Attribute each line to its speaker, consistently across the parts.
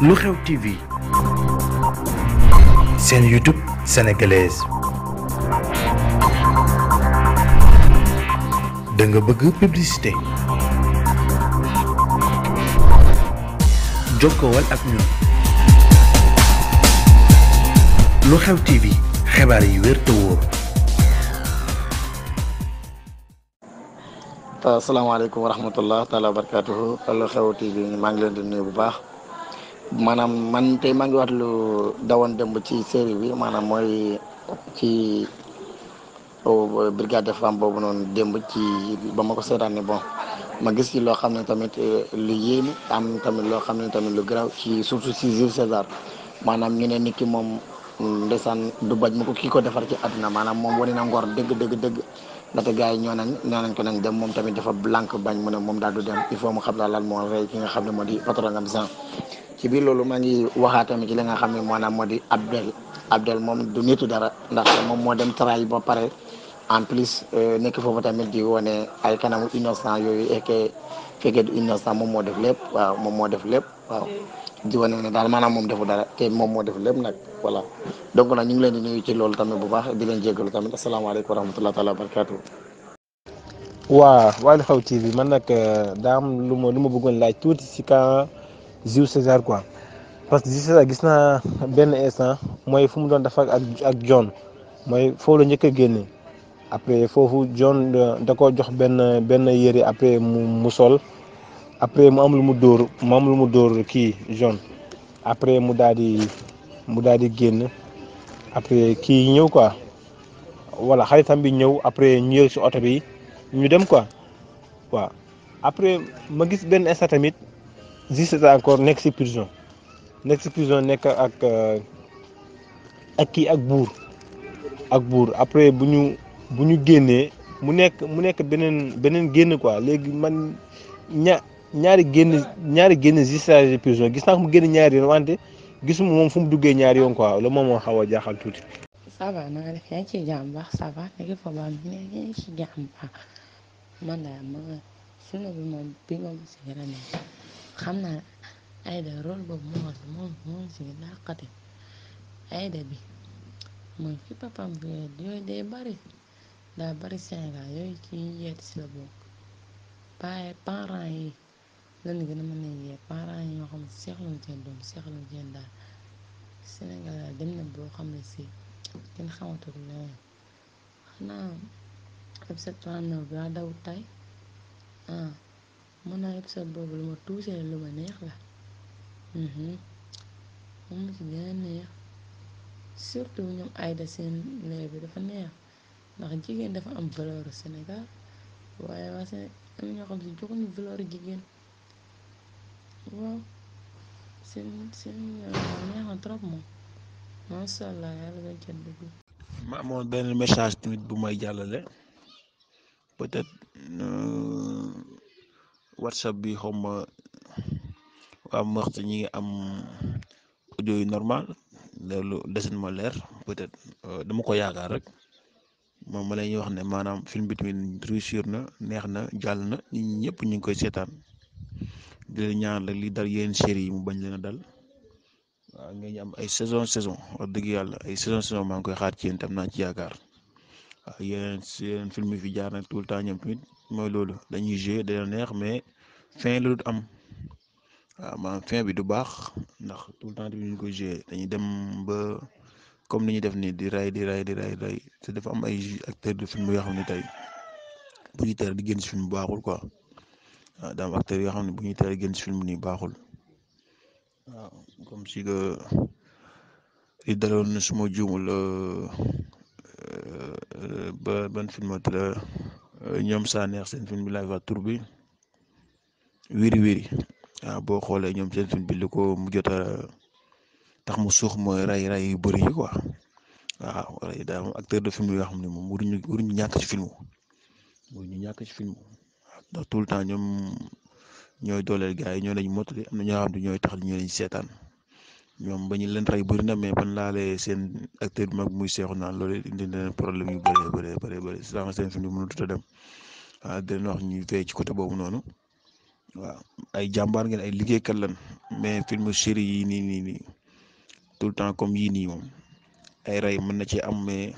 Speaker 1: lu xew TV
Speaker 2: seen YouTube sénégalaise
Speaker 3: da nga bëgg publicité jokkowal ak ñun
Speaker 4: lu xew TV xibaar yi wér te wóor.
Speaker 5: asalaamaaleykum wa rahmatullah taala wa barakaatuhu lu xew TV maa ngi leen di bu baax. maanaam man tey maa ngi wax lu dawoon démb ci série bi maanaam mooy ci oh, brigade de boobu noonu démb ci ba ma ko seetaanee bon ma gis ci loo xam ne tamit eh, lu yéeme am tamit loo xam ne tamit lu garaaw ci surtout ci Jules César maanaam ñu ne nit ki moom ndeysaan du bañ ma ko kii ko defar ci àdduna maanaam moom wane na ngor dëgg dëgg dëgg ndaxte gars yi ñoo nañ ñoo nañ ko nañ dem moom tamit dafa blank bañ mu ne moom daal du dem il faut mu xam laalaal lan rey ki nga xam ne moo di patron am ci biir loolu maa ngi waxaa tamit ci li nga xam ne maanaam moo di Abdel Abdel moom du dara ndax moom moo dem taraay ba pare en plus euh, nekk foofu tamit di wone ay kanamu innocent yooyu ek fekkee du innocent moom moo def lépp waaw moom moo def lépp waaw di wane ne daal maanaam moom defu dara te moom moo def lépp nag voilà donc na ñu ngi leen di nuyu ci loolu tamit bu baax di leen jégalu tamit asalaamaaleykum wa rahmatulah taala wa barakaatu.
Speaker 4: waaw Lu Xew TV man nag euh, lu ma bëggoon laaj tuuti si ka Jules César quoi parce que Jules César gis naa benn instant mooy fu mu doon dafa ak ak John mooy foofu la njëkk a génne après foofu John da jox benn benn yëre après mu mu sol après mu am lu mu dóor mu am mu dóor kii John après mu daal di daal di génn après kii ñëw quoi wala xaritam bi ñëw après ñu yëg si oto bi ñu dem quoi waaw après ma gis benn instant tamit. juste encore nekk ci prison nekk nekk ak euh, ak kii ak buur ak buur après bu ñu bu ñu génnee mu nekk mu nekk beneen beneen génn quoi léegi man ña ñaari génn ñaari génn juste prison gis naa mu génn ñaari yoon wante gisuma moom fu mu duggee ñaari yoon quoi loolu moom moo xaw a jaaxal tuuti.
Speaker 6: ça va na nga def yaa ngi ciy baax ça va nekk foofu am na yaa ngi baax xam naa Aida rôle boobu moo moom moo si làqate Aida bi mooy fi papam bi yooyu day bari daa bari Sénégal yooyu ci yeet si la bokk parents yi lan gën a mën a yee parents yi ñoo xam ne seexluñ seen doom seexluñ seen daal Sénégal dem na boo xam ne si kenn xamatul leneen xanaa ab daa daw tay ah. mën naa épisode boobu lu ma tuuse lu ma neex la mhm. moom la ci gën neex surtout ñoom ayda seen leer bi dafa neex ndax jigéen dafa am valeur Sénégal waaye waa Sénégal am ñoo xam si joxuñu valeur jigéen waaw seen seen euh, neex na trop moom macha allah
Speaker 7: benn message tamit bu may jàllale peut-être. Euh, whatsapp bi xaw ma waa Meurthe ñi ngi am audio normal loolu desin ma leer peut-être euh, dama ko yaakaar rek moom ma lay wax ne maanaam film bi tamit réussir na neex na jàll na nit ñëpp ñu ngi koy seetaan di leen ñaan rek li dal yeneen série yi mu bañ leen a dal waaw ngeen am ay saison saison a dëgg yàlla ay saison saison maa ngi koy xaar ci yéen tam naa ci yaakaar waaw yeneen yeneen film yi fi jaar nag tout le temps ñoom tamit. mooy loolu dañuy jouer dana neex mais fin la am waaw maanaam fin bi du baax ndax tout le temps dañu koy jouer dañuy dem ba comme ni ñuy def nii di ray di ray di ray di ray am ay acteurs de yoo xam ne tey bu ñuy di génn si film baaxul quoi waaw daa yoo xam ne bu ñuy teel di génn si film baaxul waaw comme si que li daloon suma juumul euh, euh, euh, ba ban filmati la. ñoom saa neex seen film bi laay wax tur bi wiri wiri waaw boo xoolee ñoom seen film bi li ko mu jot tax mu suux mooy ray ray yu bëri yi quoi waaw ray daa moom acteur de film yoo xam ne moom waruñu waruñu ñàkk ci film waruñu ñàkk ci film ndax tout le temps ñoom ñooy dooleel gars yi ñoo lañ motali am na ñoo xam ne ñooy tax ñoo lañ seetaan. ñoom ba ñu leen rey bëri na mais ban laalee seen acteur bi mag muy seexu naan loolu indi leen problème yu bëree bëree bëri bëri sànq seen film mënatut a dem waaw ah, di wax ñu fay ci côté boobu noonu waaw ay jàmbaar ngeen ay liggéeykat lan mais film série yi nii nii nii tout le temps comme yii nii moom ay rey mën na ci am mais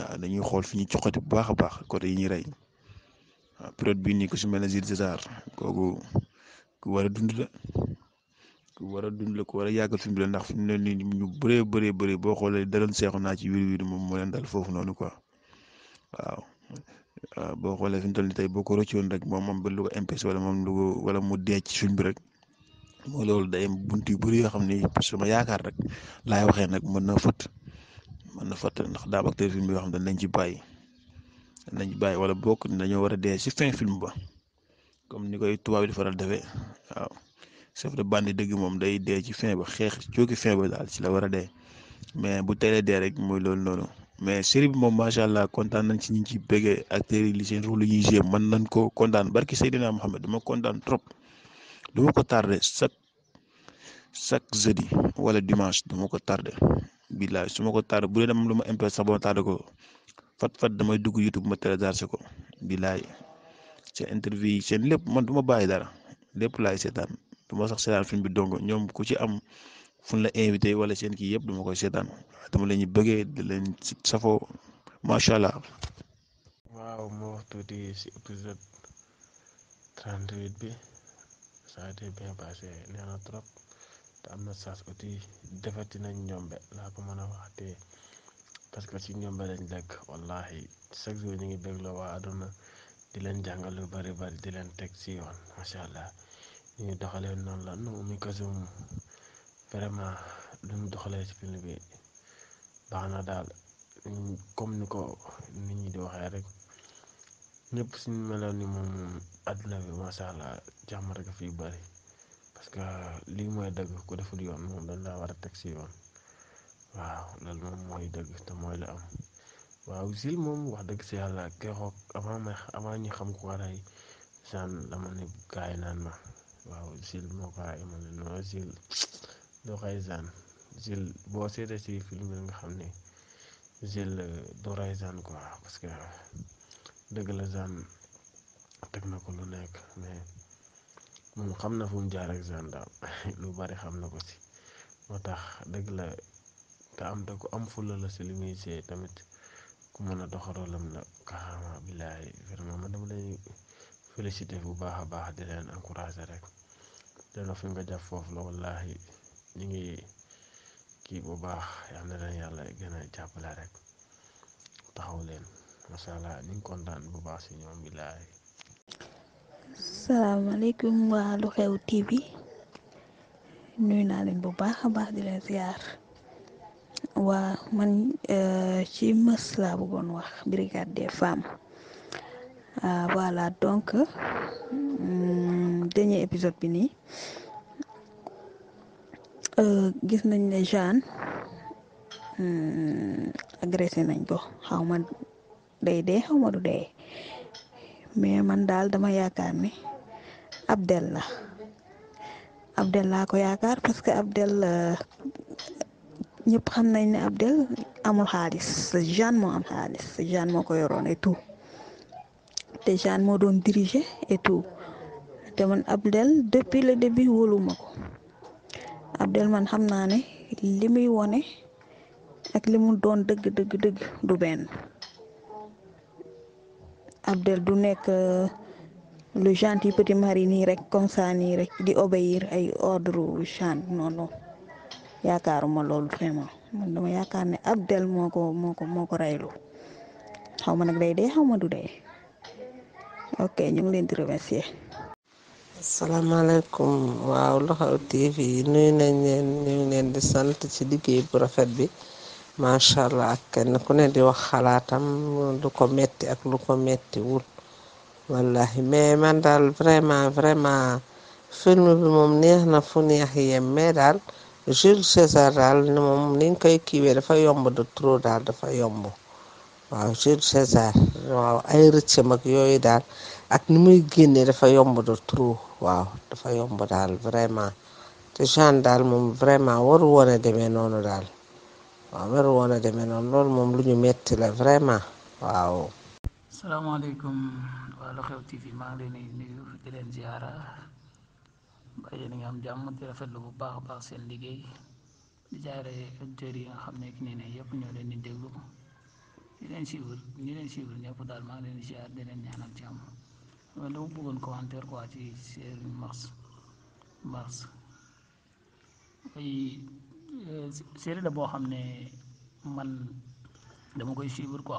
Speaker 7: ah, dañuy xool fi ñu coxati bu baax a baax côté yi ñuy rey waaw ah, période bii nii ku si mel ne Jules César kooku ku war a dund la. ku war a dund la ku war a mu ne ndax fi mu ne nii ñu bëree bëree bëri boo xoolee daloon seexu naa ci wir wir moom moo leen dal foofu noonu quoi waaw ah, boo xoolee fi mu toll tey boo ko rëccoon rek moom moom ba lu ko wala moom lu wala mu dee ci bi rek moo loolu day am bunt yu bëri yoo xam ni sama yaakaar rek laay waxee nag mën na fët mën na fët ndax daa am acteur film bi yoo xam ne nañ ci bàyyi nañ ci bàyyi wala bokk dañoo war a dee si fin film ba comme ni koy tubaab yi di faral defee waaw. chef de bande dëgg moom day dee ci fin ba xeex cooki fin ba daal ci la war a dee mais bu teelee dee rek mooy loolu noonu mais série bi moom macha allah kontaan nañ ci ñi ci bëggee acteurs yi li seen rôle ñuy joué mën nañ ko kontaan barki Seydina Mohamed dama kontaan trop duma ko tardé chaque chaque jeudi wala dimanche duma ko tardé billaay su ma ko tardé bu dee dama lu ma impé sax ba ma ko fat fat damay dugg YouTube ma téléchargé ko billaay seen yi seen lépp man du ma bàyyi dara lépp laay seetaan duma sax seetaan film bi dong ñoom ku ci am fu la invité wala seen kii yëpp duma koy seetaan dama leen ñu bëggee di leen safoo macha allah.
Speaker 1: waaw moo wax tuuti si épisode 38 bi ça a été bien passé nee trop te am na saas uti defati nañ ñombe laa ko mën a waxatee parce que si ñombe lañ dëkk wallahi chaque jour ñu ngi bégloo waa àdduna di leen jàngal yu bari bari di leen teg si yoon macha allah. ñu doxalee noonu la nu mu kasum vraiment lu doxalee ci film bi baax na daal comme ni ko nit ñi di waxee rek ñëpp suñu meloon ni moom àdduna bi macha allah jàmm rek fi bari parce que lii mooy dëgg ko deful yoon moom dañ laa war a teg si yoon waaw loolu moom mooy dëgg te mooy la am waaw Zil moom wax dëgg si yàlla keroog avant may avant ñu xam ko waray saan dama ne gaay naan ma waaw Gilles moo ko aimé non Gilles doo raysaan Gilles boo seetee si film bi nga xam ne Gilles euh, du raysaan quoi parce que dëgg la Zane teg na ko lu nekk mais moom xam na fu mu jaar ak Zane daal lu bari xam na ko si moo tax dëgg la te am te ku am fulla la si li muy see tamit ku mën a doxarolam la kaxaama billaay vraiment man dama lay. félicité bu baax a baax di leen encouragé rek dana fi nga jàpp foofu la wallaahi ñu ngi kii bu baax yal na leen yàlla gën a jàppale rek taxaw leen macha allah ñu kontaan bu baax si ñoom billaay.
Speaker 8: salaamaaleykum waa Lu Xew TV nuyu naa leen bu baax a baax di leen ziar waa man eh, ci mës laa bëggoon wax brigade des femmes. Euh, voilà donc euh, dernier épisode bi nii euh, gis nañ ne Jeanne agressé nañ ko xaw ma day dee xaw ma du dee mais man daal dama yaakaar ni Abdel la Abdel laa ko yaakaar parce que Abdel ñëpp xam nañ ne Abdel amul xaalis Jeanne mo am xaalis Jeanne moo ko yoroon et tout. te Jeanne moo doon diriger et tout te man Abdel depuis le début wóoluma ko Abdel man xam naa ne li muy wone ak li mu doon dëgg dëgg dëgg du benn Abdel du nekk euh, le gentil petit mari nii rek comme rek di obéir ay ordre Jeanne non non yaakaaruma loolu vraiment man dama yaakaar ne Abdel moo ko moo ko moo ko reylu xaw ma nag day dee xaw ma du dee ok ñu ngi leen di remercier. asalaamaaleykum
Speaker 9: waaw Lu-Xew TV nuyu nañ ñu ngi leen di sant ci liggéey bu rafet bi macha allah ak kenn ku ne di wax xalaatam lu ko metti ak lu ko metti wul wallahi mais man daal vraiment vraiment film bi moom na fu neex yem mais daal Jules César daal moom niñ koy kiiwe dafa yomb de trop daal dafa yomb. waaw Jules César waaw ay rëccam ak yooyu daal ak ni muy génnee dafa yomb de trop waaw dafa yomb daal vraiment te Jeanne daal moom vraiment waru woon a noonu daal waaw waru woon a noonu loolu moom lu ñu metti la vraiment waaw.
Speaker 10: salaamaaleykum waa Lu Xew TV maa ngi leen di leen ziara mbaa yéen nga am jàmm di rafetlu bu baax a seen liggéey yi nga xam ne ne yëpp ñoo leen di déglu. di leen suivre ñi leen suivre ñëpp daal maa ngi leen di ziar di leen ñaanal jàmm loolu dama bëggoon commentaire quoi ci Serigne Mars Mars ay euh, la boo xam ne man dama koy suivre ko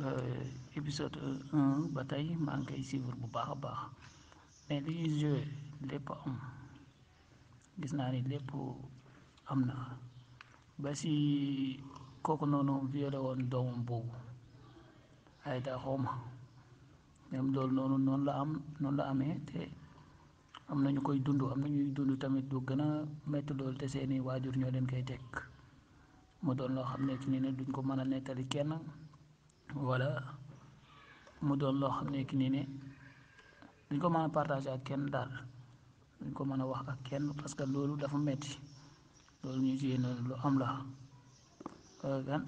Speaker 10: euh, épisode un ba tey maa koy suivre bu baax a baax mais li ñuy am gis naa ni lépp am na ba kooku noonu violé woon doomam boobu ay daa xawma loolu noonu noonu la am noonu la amee te am na ñu koy dund am na ñuy dund tamit lu gën a métti loolu te seeni waajur ñoo leen koy teg mu doon loo xam ne ki ni ne duñ ko mën a nettali kenn wala mu doon loo xam ne ki ne duñ ko mën a partager ak kenn daal duñ ko mën a wax ak kenn parce que loolu dafa metti loolu ñu ci noonu lu am la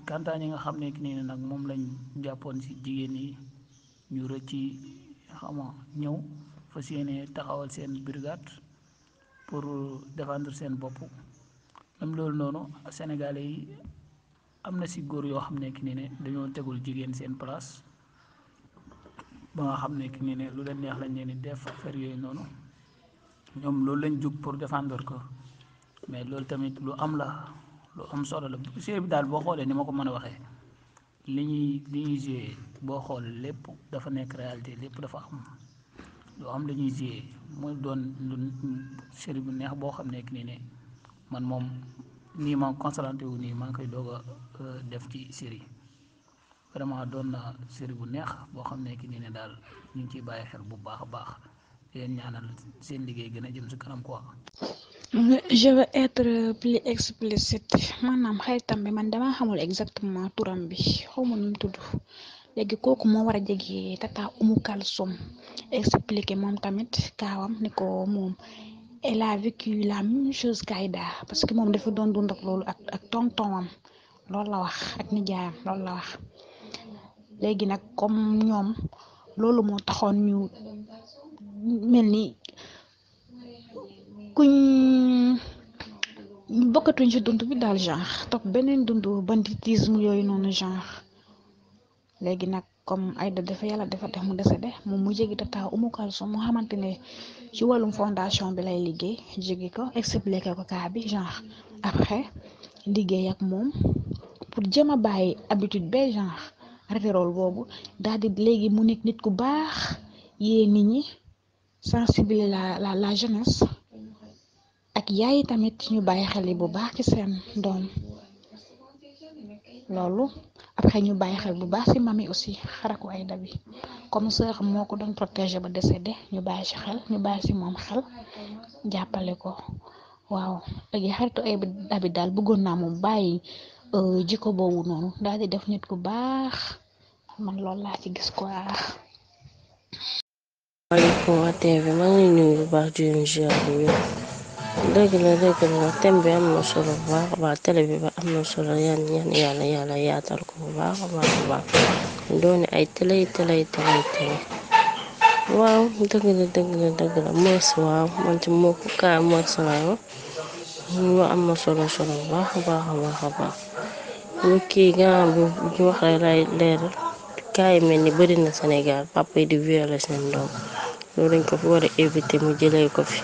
Speaker 10: kantaan euh, yi nga xam ne nii ne nag moom lañ jàppoon si jigéen yi ñu rëcc xama ñëw fas yéene taxawal seen brigade pour défendre seen bopp même loolu noonu Sénégalais yi am na si góor yoo xam ne nii ne dañoo tegul jigéen seen place ba nga xam ne nii ne lu leen neex lañ leen di def affaire yooyu noonu ñoom loolu lañ jug pour défendre ko mais loolu tamit lu am la. lu am solo la série bi daal boo xoolee ni ma ko mën a waxee li ñuy li ñuy joué boo xool lépp dafa nekk réalité lépp dafa am lu am li ñuy joué mu doon lu série bu neex boo xam ne nekk nii ne man moom nii ma constaté wu nii maa ngi koy doog a euh, def ci série vraiment doon na série bu neex boo xam nekk nii ne daal ñu ngi ciy bàyyi xel bu baax a baax leen ñaanal seen liggéey gën a jëm si kanam quoi.
Speaker 11: je veux être plus explicite maanaam xaritam bi man dama xamul exactement turam bi xaw ma nu tudd léegi kook moo war a jege tata umu kalsum expliqué moom tamit kaawam ni ko moom elle a vécu la même chose kayda parce que moom dafa doon dund loolu ak ak tontonam loolu la wax ak nijaayam loolu la wax léegi nag comme ñoom loolu moo taxoon ñu mel ni kuñ bokkatuñ ci dund bi daal genre topp beneen dund banditisme yooyu noonu genre léegi nag comme Aïda dafa yàlla dafa def mu dese de moom mu jéggi tata Umu Kalsum mu xamante ne ci wàllum fondation bi lay liggéey jéggi ko expliqué ko kaa bi genre après liggéey ak moom pour jéem a bàyyi habitude bee genre arrêté rôle boobu daal léegi mu nekk nit ku baax yee nit ñi. sensibiliser la la la jeunesse ak yaay tamit ñu bàyyi xel bu baax ci seen doom loolu après ñu bàyyi xel bu baax ci mami aussi xaraku ay dabi comme sœur moo ko doon protéger ba décédé ñu bàyyi ci ñu bàyyi ci moom xel jàppale ko waaw ak xaritu ay dabi daal bëggoon naa mu bàyyi euh, jikko boobu noonu daal di def nit ku baax man loolu laa ci gis quoi.
Speaker 6: maaleykum wa tv maa ngi nuyu bu baax juyum jiar bu wér dëgg la dëgg la thème bi am na solo bu baax a ba am yàlla yàlla yaatal ko bu baax a ay télé télé dëgg la dëgg la ci moo ko solo solo a baax gaa bu wax kaa yi mel ni bëri na Sénégal papa yi di violer seen doom loolu dañ ko fi war a éviter mu jëlee ko fi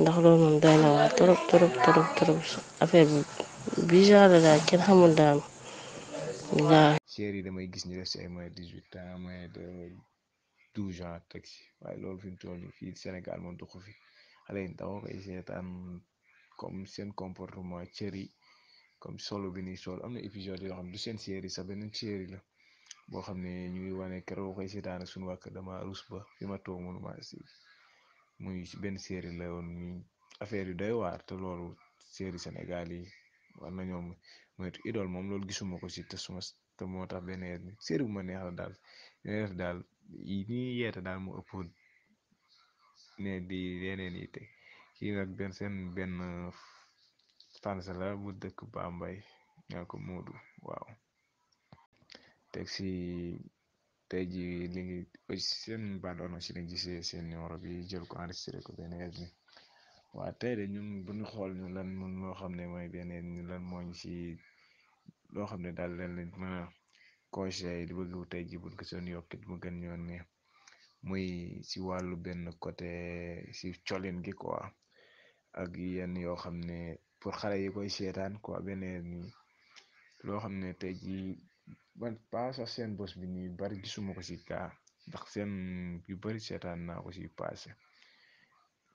Speaker 6: ndax loolu moom doy na waa trop trop trop trop affaire bi bizarre daal kenn xamul daal daal.
Speaker 12: yi damay gis ni ay moins dix huit de douze ans waaye loolu fi fii Sénégal moom du ko fi xale yi ndaw koy seetaan seen comportement cër yi comme solo bi ni sol am na épisode yoo xam du seen séer sax beneen séer yi la. boo xam ne ñu ngi wane keroog koy seetaane suñu wàkk dama rus ba fi ma toog mënuma si muy benn série la woon ñu affaire yu doy waar te loolu série Sénégal yi war na ñoom moytu idole moom loolu gisuma ko si te suma te moo tax benn série bu ma neex la daal neex daal yi daal mu ëpp ne di yeneen yi te kii nag benn seen benn fans la bu dëkk Bambey ñaa ko Moodu waaw teg si tey jii li ngi seen bande annonce si lañ gisee seen numéro bi jël ko enregistré ko benn heure bi waaw tey de ñun bu ñu xool ñu lan mun loo xam ne mooy benn ñu lan mooñ si loo xam ne daal lan lañ mën a conseil di bëgg tey ji buñ ko seen yokkit mu gën ñoon ne muy si wàllu benn côté si colin gi quoi ak yenn yoo xam ne pour xale yi koy seetaan ko beneen ni loo xam ne tey man pas sax seen bos bi nii bari gisuma ko si gaa ndax seen yu bari seetaan naa ko si passé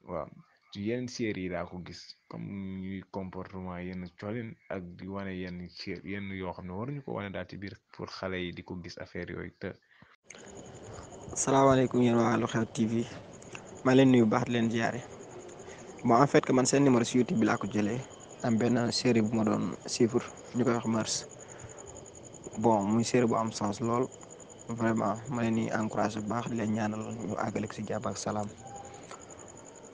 Speaker 12: waaw ci yenn série yi laa ko gis comme ñuy comportement yenn colin ak di wane yenn yenn yoo xam ne waruñu ah, ko wane daal ci biir pour xale yi di ko gis affaire yooyu te.
Speaker 13: salaamaaleykum yéen waa Lu Xew TV maa leen nuyu baax leen ziare bon en fait que man seen numéro si YouTube bi laa ko jëlee am benn série bu ma doon suivre ñu koy wax Mœurs. bon muy série bu am sens lool vraiment ma leen di encouragé bu baax di leen ñaanal ñu àggale si jàmm ak salaam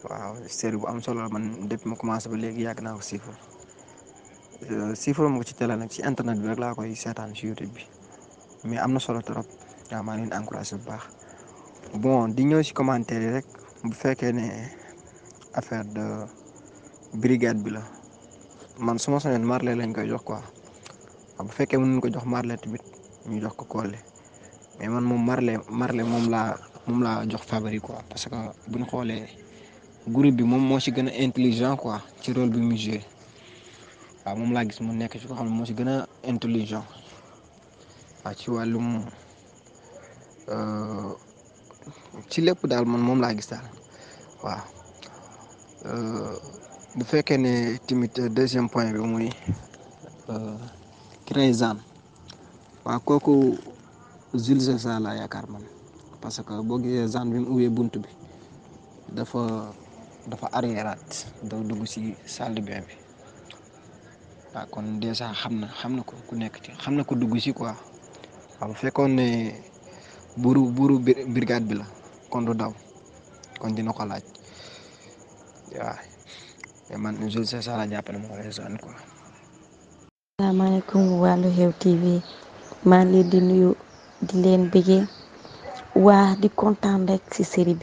Speaker 13: waaw série bu am solo man depuis ma commencé ba léegi yàgg naa ko siifal euh, siifal ma ci télé nag si internet bi rek laa koy seetaan si YouTube bi mais am na solo trop waaw maa leen bu baax bon di ñëw si commentaire rek bu fekkee ne affaire de brigade bi la man su ma soñoon lañ koy jox quoi. bu fekkee mën ko jox marle tamit ñu jox ko Collé mais man moom marle marle moom laa moom laa jox favori ko parce que bu ñu xoolee groupe bi moom moo ci gën a intelligent quoi ci rôle bi mu waaw moom laa gis mu nekk ci ko xam moo ci gën a intelligent waaw ci wàllum euh, ci lépp daal man moom laa gis daal euh, bu fekkee ne tamit euh, deuxième point bi muy. Crayzan waaw kooku Jules César yaakaar man parce que boo gisee zan bi mu ubbee bunt bi dafa dafa arriéraat daw dugg si salle de bi kon dèjà xam na xam na ko ku nekk ci xam na ko dugg si quoi waaw fekkoon ne buuru buuru bi la kon du daw kon dina ko laaj waaw man Jules César laa jàpp ne moo koy zan quoi.
Speaker 14: asalaamaaleykum wàllu xew tv maa ngi leen di nuyu di leen bëggee waa di kontaan rek ci série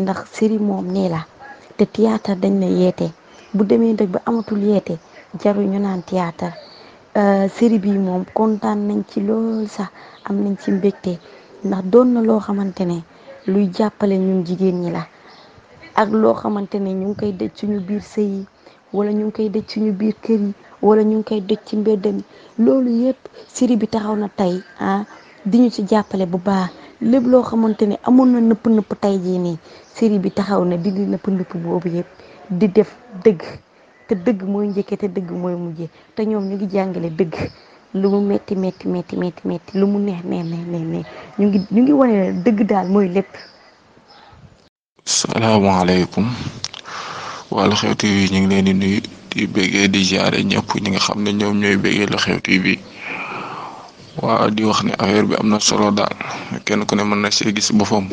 Speaker 14: ndax série moom nii la te théâtre dañ na yeete bu demee rek ba amatul yeete jaru ñu naan théâtre euh, série bi moom kontaan nañ ci lool sax am nañ ci mbégte ndax doon na loo xamante ne luy jàppale ñun jigéen ñi la ak loo xamante ne ñu ngi koy dëj suñu biir sëy wala ñu ngi koy dëj suñu biir kër yi wala ñu ngi koy doj ci mbedd loolu yëpp séri bi taxaw na tey ah di ñu ci jàppale bu baax lépp loo xamante ni amoon na nëpp nëpp tey jii nii séri bi taxaw na dindi nëpp nëpp boobu yépp di def dëgg te dëgg mooy njëkkee te dëgg mooy mujjee te ñoom ñu ngi jàngale dëgg lu mu metti metti metti metti metti lu mu neex neex neex ñu ngi ñu ngi wane dëgg daal mooy lépp.
Speaker 15: salaamaaleykum. wàllu xew TV ñu ngi leen di nuyu di béggee di jaare ñëpp ñi nga xam ne ñoow ñooy béggee lu xew bi waaw di wax ne affaire bi am na solo daal kenn ku ne mën na see gis boppam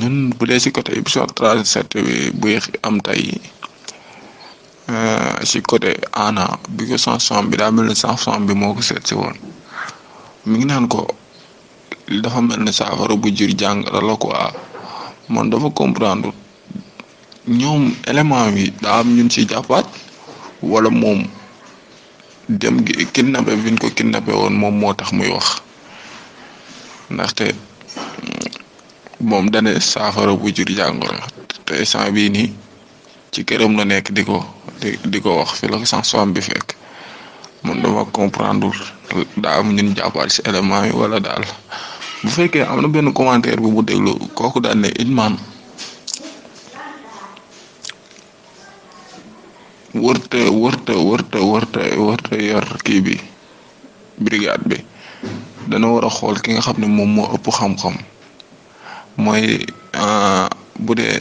Speaker 15: ñun bu dee si côté émission 37 bi buy am tey euh, si côté ana bi ko chanson bi daa mel ne chanson bi moo ko seet si woon mi ngi naan ko dafa mel ne saafara bu jur jàng la quoi man dafa comprendre. ñoom élément bi daa am ñun ci jàppaat wala moom dem gi kidnappé bi ñu ko kidnappé woon moom moo tax muy wax ndaxte mm, moom dane saafara bu jur jàngoro te instant bii nii ci këram la nekk di ko di ko wax fi la ko sans soam bi fekk man dama comprendre daa am ñun jàppaat ci élément yi wala daal bu fekkee am na benn commentaire bu mu déglu kooku daal ne Ilimane wërta wërta wërta wërta wërta yor kii bi brigade bi dana war a xool ki nga xam ne moom moo ëpp xam-xam mooy euh, bu dee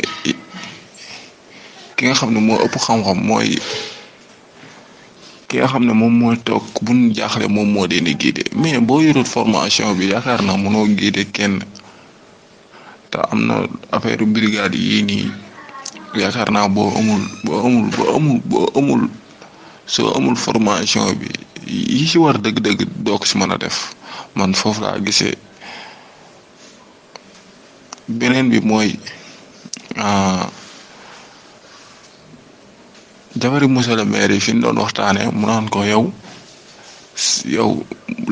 Speaker 15: nga xam ne moo ëpp xam-xam mooy xam ne moom moo toog bu jaaxle moom moo deen guidé mais boo yorul formation bi yaakaar na mënoo giide kenn te am na affaire brigade yii nii yaakaar naa boo amul boo amul boo amul boo soo amul formation bi yi ci war dëgg-dëgg doo ko si mën a def man foofu laa gisee beneen bi mooy ah, jabari monsieur le maire yi fi ñu doon waxtaanee mu naan ko yow yow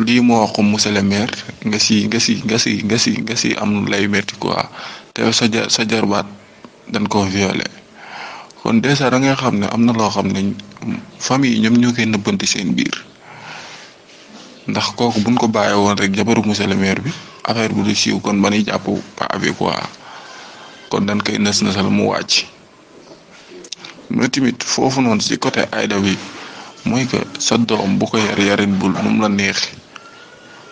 Speaker 15: lii moo wax ko monsieur le maire nga si nga si nga si nga si am lay métti quoi te sa ja sa jarbaat dañ ko violé kon dèjà da ngay xam ne am na loo xam ne famille ñoom ñoo koy nëbbanti seen biir ndax kooku buñ ko bàyyi woon rek jabaru monsieur le maire bi affaire bu du siiw kon ba ñuy jàpp pas avec quoi kon dañ koy nës nësal mu wàcc mais tamit foofu noonu ci côté ayda bi mooy que sa doom bu ko yar yarin bul nu mu la neex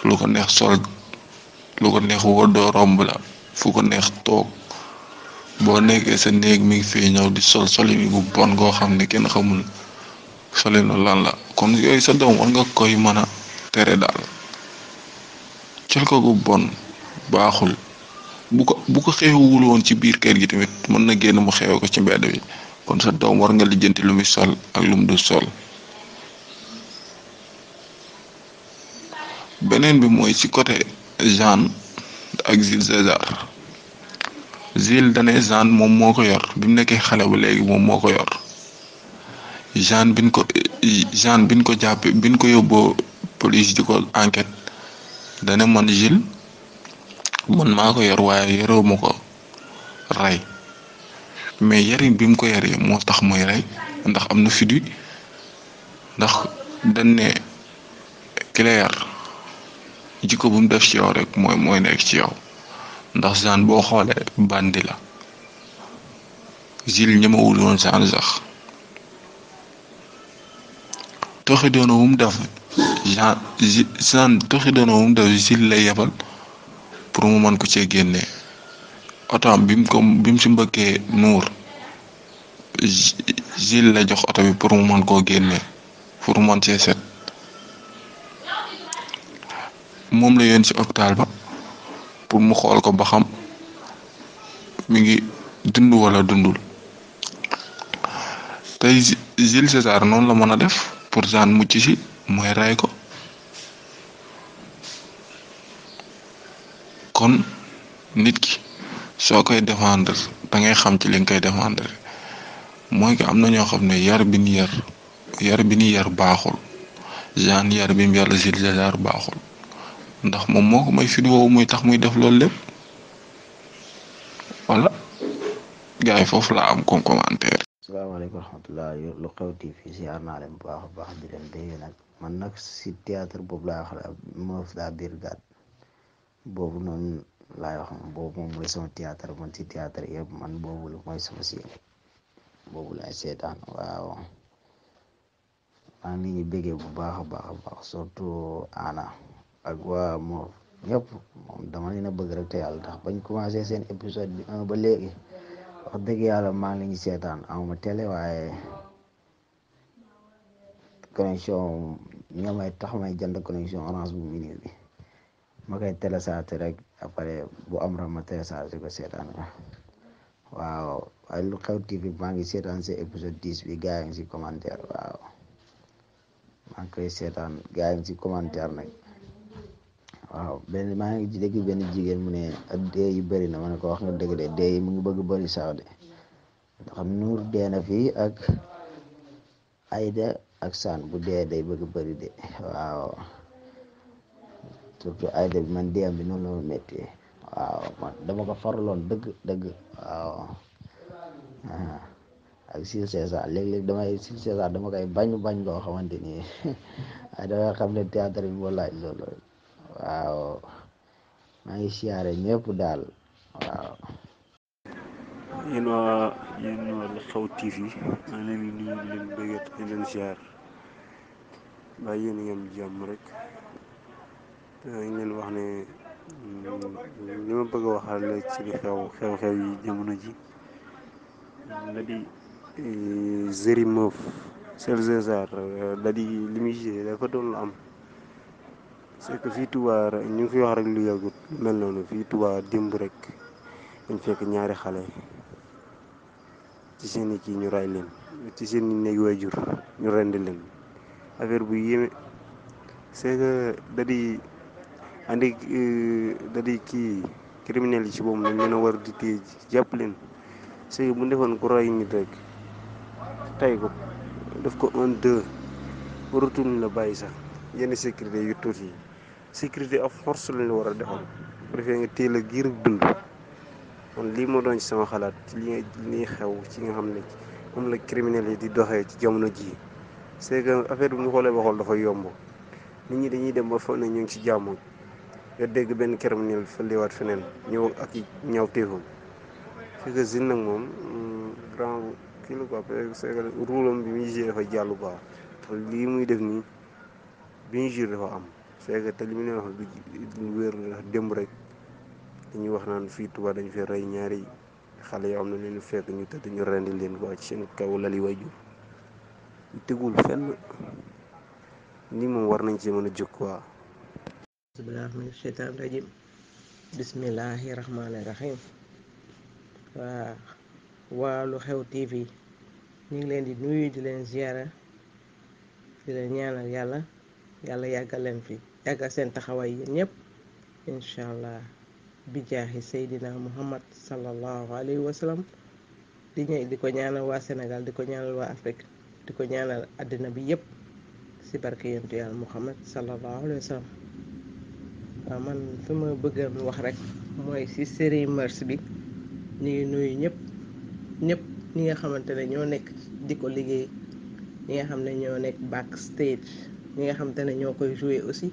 Speaker 15: lu ko neex sol lu ko neex woo doo fu ko neex toog. boo nekkee sa néeg mi ngi fii ñëw di sol solin bu bon goo xam ne kenn xamul solinu lan la kon yooyu sa doom war nga koy mën a tere daal col ko gu bon baaxul bu ko bu ko xeewul woon ci biir kër gi tamit mën na génn mu xeew ko ci mbedd bi kon sa doom war nga lijjanti lu muy sol ak lu mu du sol beneen bi mooy ci côté Jeanne ak Jules César Jules Dane Jeanne moom moo ko yor bi mu nekkee xale bu léegi moom moo ko yor Jeanne bin ko Jeanne bin ko jàppee bin ko yóbboo police di ko enquête dane man Jules man maa ko yor waaye yorewu ko rey mais yarin bi mu ko yaree moo tax mooy rey ndax am na fidi ndax dañ ne yar jikko bu mu def ci yow rek mooy mooy nekk ci yow. ndax Jean boo xoolee bandi la Jules ñemewul woon Jean sax toxi doona wu mu def Jean Jean toxi doona wu lay yebal pour mu mën ko ce génne otoom bi mu mbëkkee nuur Jules la jox oto bi pour mu mën koo génne pour mu mën cee set moom la yoon ci hôpital ba pour mu xool ko ba xam mi ngi dund wala dundul tey Jules César noonu la mën a def pour Jeanne mucc si mooy rey ko kon nit ki soo koy défendre da ngay xam ci li nga koy défendre mooy que am na ñoo xam ne yar bi ñu yar yar bi ñu yar baaxul Jeanne yar bi mu yar Jules César baaxul. ndax moom moo ko may fit woowu muy tax muy def loolu lépp wala gars yi foofu laa am comme
Speaker 16: commentaire. asalaamaaleykum wa rahmatulah lu xew TV ziar naa leen bu baax a baax di nag man nag si théâtre boobu laa wax moof la brigade boobu noonu laay wax boobu moom mooy sama théâtre man si théâtre yëpp man boobu la mooy sama si boobu laay seetaan waaw maa ngi leen di béggee bu baax a baax a baax surtout Ana. ak waa Mor ñëpp moom dama bëgg rek te yàlla tax bañ commencé seen épisode bi un ba léegi wax dëgg yàlla maa ngi leen di seetaan amuma télé waaye connexion ñoo may tax may jënd connexion orange bu minute bi ma koy télécharger rek après bu am ra ma télécharger ko seetaan waaw lu xew TV maa ngi seetaan seen épisode dix bi gaa ngi si commentaire waaw koy seetaan gaa ngi si commentaire nag. waaw benn maa ngi dégg benn jigéen mu ne dee yi bari na ma ne ko wax nga dëgg de dee yi mu ngi bëgg bari sax de xam nuur dee na fii ak ayda ak saan bu dee day bëgg bëri de waaw surtout ayda bi man dee am bi noonu la ma métti waaw dama ko faraloon dëgg dëgg waaw ah. ak sil César léeg-léeg damay sil César dama koy bañ bañ loo xamante ni waaye damay xam ne théâtre bi moo laaj waaw maa ngi siyaare ñëpp daal waaw.
Speaker 17: yéen waa yéen waa Lu Xew TV maa ngi leen di nuyu di leen bëgg di leen siyaar waaye yéen am jàmm rek dañ leen wax ne li ma bëgg a waxal la ci li xew xew-xew jamono ji la di eh, Zery Meuve Sel César eh, la di li dafa doon am. c'est que fii Touba ñu ngi fi wax rek lu yàggut lu mel noonu fii Touba démb rek dañ fekk ñaari xale ci seen i kii ñu ray leen ci seen i néeg waajur ñu rend leen affaire bu yéeme c'est que da di andi euh, da kii criminels yi ci boobu dañ leen a war di téye jàpp leen c'est que bu defoon ku ray nit rek def ko un deux waratuñ la bàyyi sax yenn sécurité yu tuuti sécurité ak force la ñu war a defal teel a giir dund lii moo doon ci sama xalaat ci li ñuy xew ci nga xam ne moom la criminels yi di doxee ci jamono jii c'est que affaire bi mu xoolee ba xool dafa yomb nit ñi dañuy dem ba foog ne ñu ngi ci jàmm nga dégg benn criminel fa liwaat feneen ñëw ak i ñaaw téefam c'est que zine nag moom mm, grand kii la quoi c'est que roulam bi muy juré dafa jàllu baax lii muy def nii bi ñu juré dafa am c'est te li mu ne wax du wéeru ndax rek dañuy wax naan fii Tuubaa dañu fee rey ñaari xale yoo am ne leen fekk ñu te ñu rendi leen waa ci seen kaw lali waajur ñu tegul fenn ni moom war nañ ci mën a jóg waa
Speaker 9: bismillahi min sheytaan rajim bismillahi rahmaani rahim waa waa lu xew tv ñu ngi leen di nuyu di leen ziyaara di leen ñaanal yàlla yàlla yàggal leen fii yàggal seen taxawaay yéen ñëpp incha allah bi jaaxi Seydina Muhammad sallallahu alayhi wa di ñëw di ko ñaanal waa Sénégal di ko ñaanal waa Afrique di ko ñaanal àddina bi yëpp si barke yentu yàlla Muhammad sallallahu alayhi wa sallam man fi ma bëggoon wax rek mooy si série mœurs bi ñu ngi nuyu ñëpp ñëpp ñi nga xamante ne ñoo nekk di ko liggéey ñi nga xam ne ñoo nekk backstage ñi nga xamante ne ñoo koy joué aussi.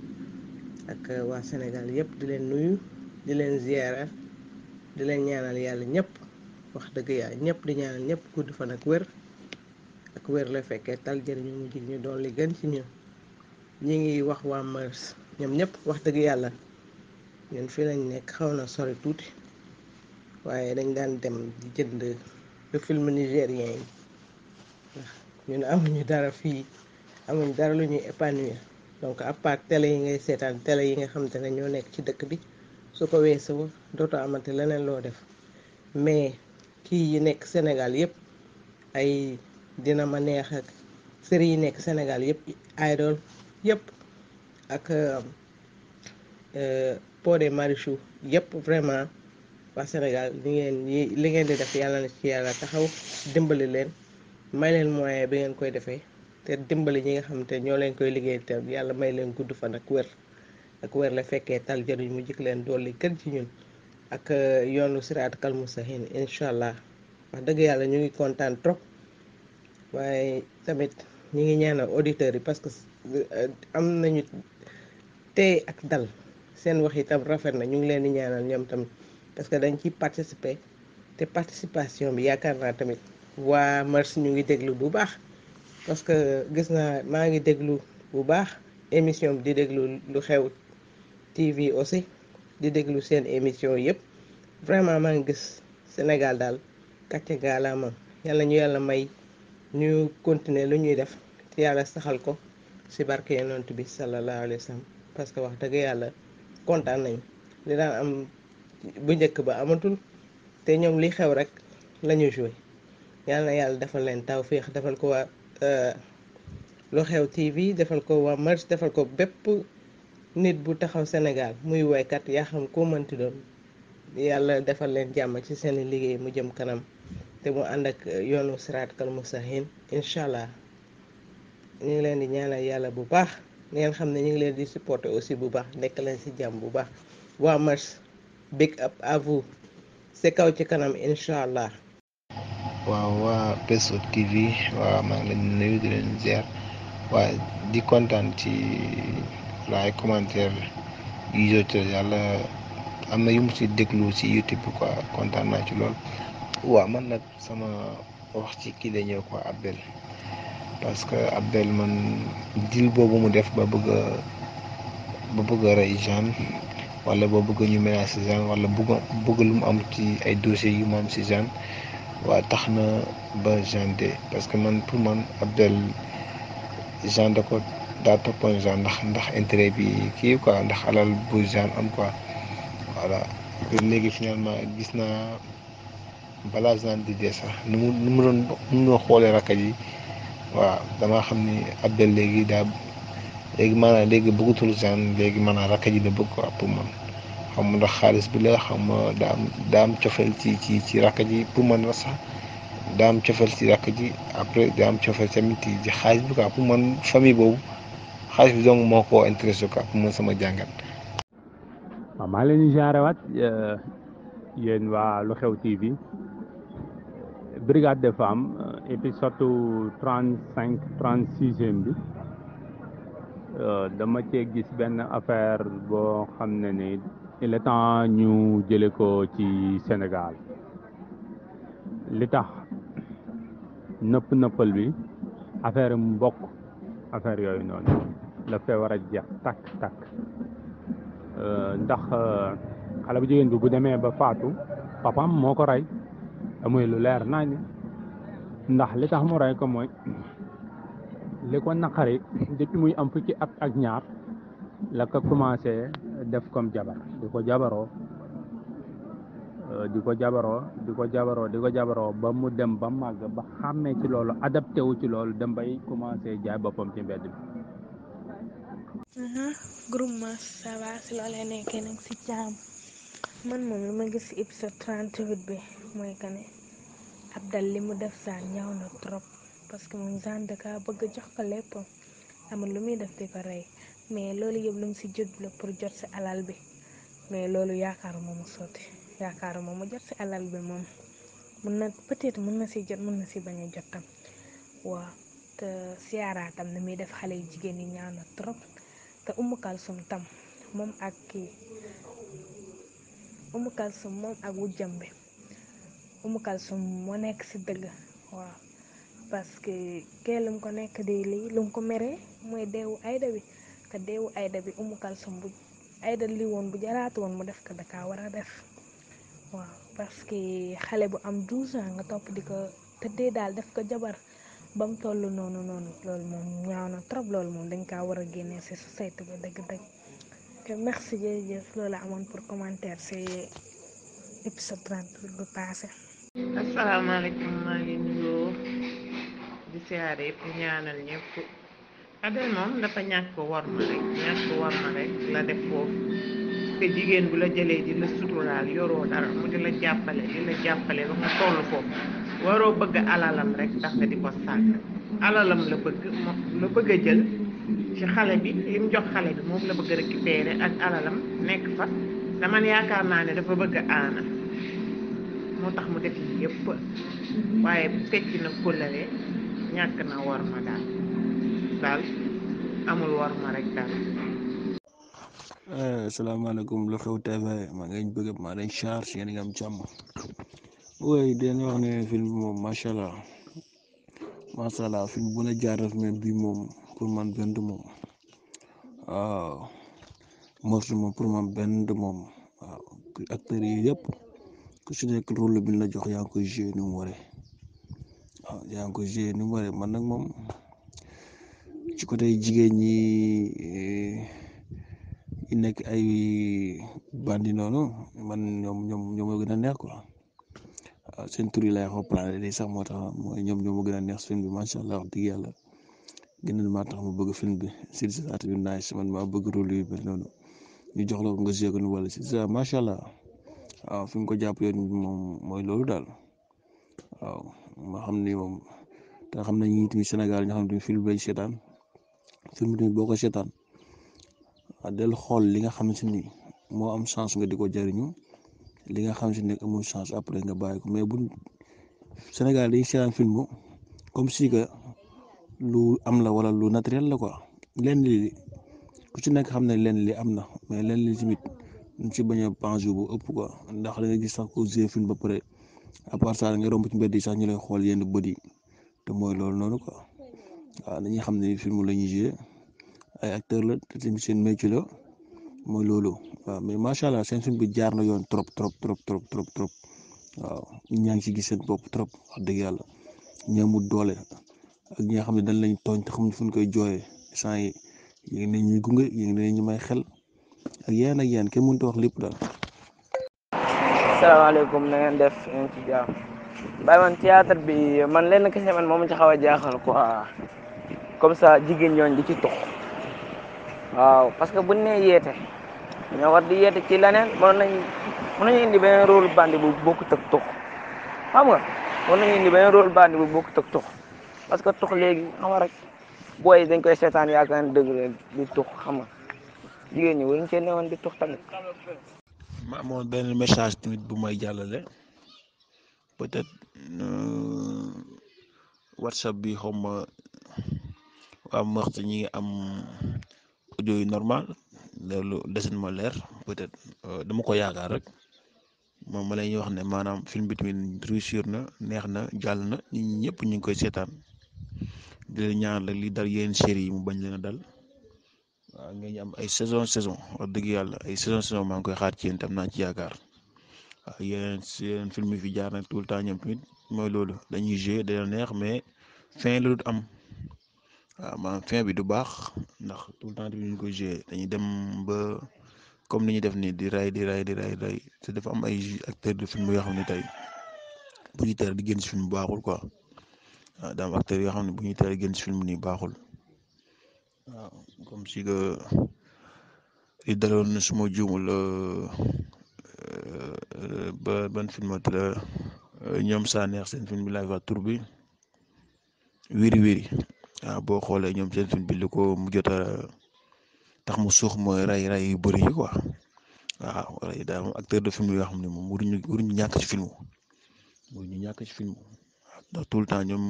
Speaker 9: ak euh, waa Sénégal yëpp di leen nuyu di leen ziyaara di leen ñaanal yàlla ñëpp wax dëgg yàlla ñëpp di ñaanal ñëpp gudd fan ak wér ak wér la fekkee tal jëriñu mujj ñu doon li gën ci ñun ñi ngi wax waa mars ñoom ñëpp wax dëgg yàlla ñun fii lañ nekk xaw na sori tuuti waaye dañ daan dem di jënd le film nigérien yi ndax ñun amuñu dara fii amuñu dara lu ñuy épanouir donc à part télé yi ngay seetaan télé yi nga xamante ne ñoo nekk ci dëkk bi su ko weesoo dootoo amante leneen loo def mais kii yi nekk Sénégal yëpp ay dina ma neex ak yi nekk Sénégal yëpp idol yëpp ak euh, Pod et Marichou yëpp vraiment waa Sénégal li ngeen li ngeen di def yàlla na ci yàlla taxaw dimbali leen may leen moyen bi ngeen koy defee te dimbali ñi nga xam te ñoo leen koy liggéey te yàlla may leen gudd fan ak wer ak wér la fekkee tal jëriñ mu jik leen dool li gën ci ñun ak euh, yoonu siraat kal mustaqiim incha allah wax dëgg yàlla ñu ngi kontaan trop waaye tamit ñu ngi ñaanal auditeurs yi parce que euh, am nañu tey ak dal seen wax tam rafet na ñu ngi leen di ñaanal ñoom tamit parce que dañ ciy participer te participation bi yaakaar naa tamit waa mars ñu ngi déglu bu baax parce que gis naa maa ngi déglu bu baax émission bi di déglu lu xew TV aussi di déglu seen émission yëpp vraiment maa ngi gis Sénégal daal kàcce gaalaama yàlla ñu yàlla may ñu continuer lu ñuy def te yàlla saxal ko ci barke yonent bi sallallahu alayhi wa sallam parce que wax dëgg yàlla kontaan nañ li daan am bu njëkk ba amatul te ñoom li xew rek la ñu yàlla na yàlla defal leen tawféex defal ko waa Eh, lu xew TV defal ko waa Mars defal ko bépp nit bu taxaw Sénégal muy woykat yaa xam koo mënti doon yàlla defal leen jàmm ci seen liggéey mu jëm kanam te mu ànd ak yoonu siraat kal mustaqiim incha allah ñu ngi leen di ñaanal yàlla bu baax ngeen xam ne ñu ngi leen di supporter aussi bu baax nekk leen ci jàmm bu baax waa Mars big up à vous kaw ci kanam incha allah.
Speaker 5: waaw waa
Speaker 2: Peshood TV waa maa ngi leen di nuyu di leen ziar di kontaan ci laay commentaire yi jot yàlla am na yu mu si déglu si YouTube kontaan naa ci lool waaw man nag sama wax ci kii la ñëw quoi Abdel parce que Abdel man dil boobu mu def ba bëgg ba bëgg a rey Jeanne walla ba bëgg ñu menacer Jeanne wala bëgg bëgg lu mu am ci ay dossiers yu mu am si Jeanne waa tax na ba Jean parce que man pour man Abdel Jean da ko daa toppoon Jean ndax ndax intérêt bi kii quoi ndax alal bu Jean am quoi voilà léegi finalement gis naa balaa Jean di dee sax nu mu nu mu doon nu mu doon xoolee rakkat yi waaw damaa xam ni Abdel léegi daa léegi maanaam léegi bëggatul Jean léegi maanaam rakkat yi da bëgg quoi pour man. xam ma ndax xaalis bi la xam ma daam daam cofeel ci ci ci rakk ji pour man la sax daam cofeel ci rakk ji après daam cofeel tamit ci xaalis bi quoi boobu xaalis bi donc moo ko intéressé quoi pour man sama jàngat.
Speaker 3: waaw maa leen di waat eh, yéen waa Lu Xew TV brigade des femmes eh, épisode trente cinq trente sixième bi. Eh, dama cee gis benn affaire boo xam na ni le est temps ñu jële ko ci Sénégal li tax nëpp nëppal bi affaire mbokk affaire yooyu noonu la fee war a jeex takk takk euh, ndax euh, xale bu jigéen bi bu demee ba faatu papam moo ko rey amuy lu leer nañ ndax li tax mu rey ko mooy li ko naqari depuis muy am fukki at ak ñaar la ko commencé def comme jabar di ko jabaroo euh, di ko jabaroo di ko jabaroo di ko jabaroo ba mu dem ba màgg ba xàmmee ci loolu adapté wu ci loolu dem bay commencé jaay boppam ci mbedd bi
Speaker 18: mhm. groupement ça va si loolee nekkee man moom li ma gis si épisode 38 bi mooy que ne Abdal li mu def saa ñaaw na trop parce que moom Zane da kaa bëgg jox ko lépp amul lu muy def di ko rey mais loolu yëpp lu mu si jot pour jot si alal bi mais loolu yaakaaruma mu sotti yaakaaruma mu jot si alal bi moom mun na peut-être mun na si jot mun na si bañ a jot tam waaw te siyaara ni muy def xale yu jigéen yi ñaaw na trop te Umu Kalsum tam moom ak kii Umu Kalsum moom ak wujjam bi Umu Kalsum moo nekk ci dëgg waaw parce kee lu mu ko nekk di lii lu mu ko meree mooy deewu Ayda bi que deewu ayda bi umu kalsum bu ayda li woon bu jaraatu woon mu def ko da kaa war a def waaw parce que xale bu am 12 a nga topp di ko tëddee daal def ko jabar ba mu toll noonu noonu loolu moom ñaaw na trop loolu moom dañ kaa war a génne si société bi dëgg-dëgg te merci jërëjëf loolu amoon pour commentaire si épisode 30 bu passé.
Speaker 9: Abel moom dafa ñàkk war ma rek ñàkk war ma rek la def foofu te jigéen bu la jëlee di la suturaal yoroo dara mu di la jàppale di la jàppale ba mu toll foofu waroo bëgg alalam rek tax di ko sàkk alalam la bëgg moom la bëgg a jël ci xale bi li jox xale bi moom la bëgg a récupérer ak alalam nekk fa dama yaakaar naa ne dafa bëgg aana moo tax mu def yi yëpp waaye fecc na kóllare ñàkk na war ma daal daal amul war ma rek daal.
Speaker 7: asalaamaaleykum eh, lu xew TV maa ngi leen bëgg maa leen charge yéen nga am jàmm. oui den wax ne film bi moom macha allah macha allah film bu la jaaral mais bii moom pour man benn moom waaw moom pour man benn moom waaw yi yëpp ku si nekk rôle bi la jox yaa ngi koy joué ni mu waree waaw man nag moom. ci côté jigéen ñi eh, nekk ay bandi noonu man ñoom ñoom ñoom moo gën a neex quoi waaw ah, seen tur yi sax moo tax mooy ñoom ñoom moo gën a neex film bi macha allah wax yàlla gën na maa tax ma bëgg film bi si sa man bëgg rôle yu mel jox la ko nga jéego si sa fi mu ko jàpp yoon moom mooy loolu daal waaw ma xam ni moom te xam nañ ñi tamit Sénégal ñoo xam ne film bi seetaan. film bi boo ko seetaan del xool li nga xam si ni moo am chance nga di ko jëriñu li nga xam si nekk amul chance après nga bàyyi ko mais bu Sénégal dañuy seetaan film comme si que lu am la wala lu naturel la ko lenn li ku ci nekk xam ne lenn li am na mais lenn li tamit ñu ci bañ a penché bu ëpp quoi ndax da nga gis sax ko jouer film ba pare à part ça nga romb ci mbedd sax ñu lay xool yenn bët yi te mooy loolu noonu ko waaw dañuy xam ne film la ñuy joué ay acteurs la te tamit seen métier mooy loolu waaw mais macha allah seen film bi jaar na yoon trop trop trop trop trop trop waaw ñaa ngi ci gis seen bopp trop a dëgg yàlla ñaamut doole ak ñi nga xam ne dañ lañ tooñ te xamuñ fu koy jooyee sans yi yéen ngi ñuy gunge yéen ngi ñu may xel ak yéen ak yéen kenn mënut a wax lépp daal.
Speaker 5: asalaamaaleykum na ngeen def man théâtre bi man lenn kese man moom ci xaw a jaaxal quoi. comme sa jigéen ñooñ di ci tux waaw parce que bu nee yeete ñoo war di yeete ci leneen mën nañ mën nañu indi beneen rôle bandi bu bokkut ak tux xam nga mën nañu indi beneen rôle bandi bu bokkut ak tux parce que tux léegi xam rek booy dañ koy seetaan yaakaar dëgg la di tux xam nga jigéen ñi waruñ cee newoon di tux tamit.
Speaker 7: ma amoon benn message tamit bu may jàllale peut-être euh, WhatsApp bi xaw am waxtu ñi ngi am audio yi normal loolu desit ma leer peut-être euh, dama ko yaakaar rek moom ma lay wax ne maanaam film bit bi tamit réussir na neex na jàll na nit ñi ñëpp ñu ngi koy seetaan di ñaan la li dal yeneen série yi mu bañ leen a dal waaw ngeen am ay saison saison wax dëgg yàlla ay saison saison maa ngi koy xaar ci yéen tam naa ci yaakaar waaw yeneen yeneen film yi fi jaar nag tout le temps ñoom tamit mooy loolu dañuy jouer dina neex mais fin la am. waaw ah, maanaam fin bi du baax ndax tout temps bi ñu koy joué dañuy dem ba comme ni ñu def nii di ray di ray di ray ray te dafa am ay acteurs de yoo xam ne tey bu ñuy teel di génn si film baaxul quoi waaw ah, daa yoo xam ne bu ñuy teel di génn si film nii baaxul waaw ah, comme si que daloon suma juumul euh, euh, ba ban filmat la euh, ñoom saa neex seen film bi laay fa tur bi wiri wiri waaw boo xoolee ñoom seen suñ bi li ko mu jot tax mu suux mooy ray ray yu bëri yi quoi waaw ray acteur de film yoo xam ne moom waruñu waruñu ñàkk ci film waruñu ñàkk ci film tout le temps ñoom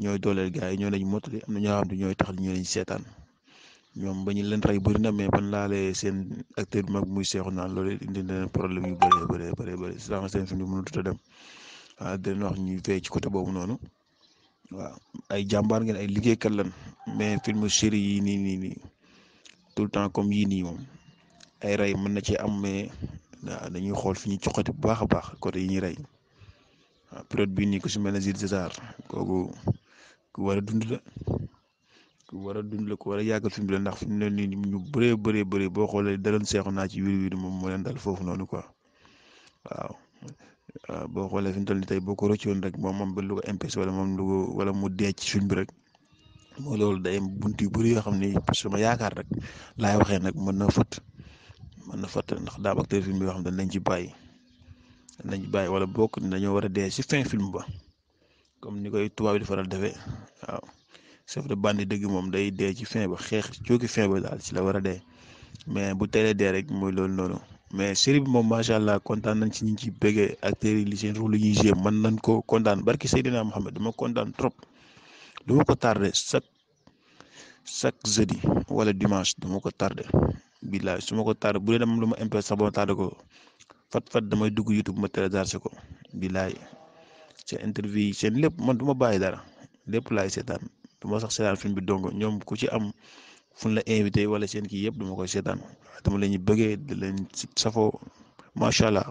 Speaker 7: ñooy dooleel gars yi ñoo lañ mottali am na ñoo xam ne ñooy tax ñoo lañ seetaan ñoom ba ñu leen rey bëri na mais ban laalee seen acteur bi mag muy seexu naan loolu indi na leen problème yu bëree bëri bëri bëri seen film mënut a dem waaw dinañ wax ñu fay ci côté boobu noonu. waaw ay jàmbaar ngeen ay liggéeykat lan mais film série yi nii nii nii tout le temps comme yii nii moom ay rey mën na ci am mais dañuy xool fi ñuy coxati bu baax a baax côté yi ñuy rey waaw période bii nii ku si mel ne Jules César kooku ku war dund la ku war a dund la ku war a yàggal film bi la ndax fi mu ne ñu bëree bëree bëri boo xoolee daloon seexu naa ci wiir wiir moom moo leen dal foofu noonu quoi waaw. boo xoolee fi ñu toll tey boo ko rëccoon rek moom moom ba lu ko MPS wala moom lu wala mu dee ci suñ bi rek moo loolu day bunt yu bëri yoo xam ni ma yaakaar rek laay waxee nag mën na fëtt mën na fëtt ndax daa am acteur film bi yoo xam ne nañ ci bàyyi nañ bàyyi wala bokk dañoo war a dee si fin film ba comme ni koy tubaab di faral defee waaw chef de bande dëgg moom day dee ci fin ba xeex cooki fin ba daal ci la war a dee mais bu teelee dee rek mooy loolu noonu mais série bi moom macha allah kontaan nañ ci ñi ci bëggee acteurs yi li seen rôle yi ñuy joué mën nañ ko kontaan barki Seydina Mohamed dama kontaan trop ma ko tardé chaque chaque jeudi wala dimanche duma ko tardé billaay su ma ko tardé bu dee dama lu ma impé sax ba ma ko fat fat damay dugg YouTube ma téléchargé ko billaay seen interview yi seen lépp man duma ma bàyyi dara lépp laay seetaan du ma sax seetaan film bi dong ñoom ku ci am. fu la invité wala seen kii yëpp dama koy seetaan dama leen ñu bëggee di leen safoo macha allah.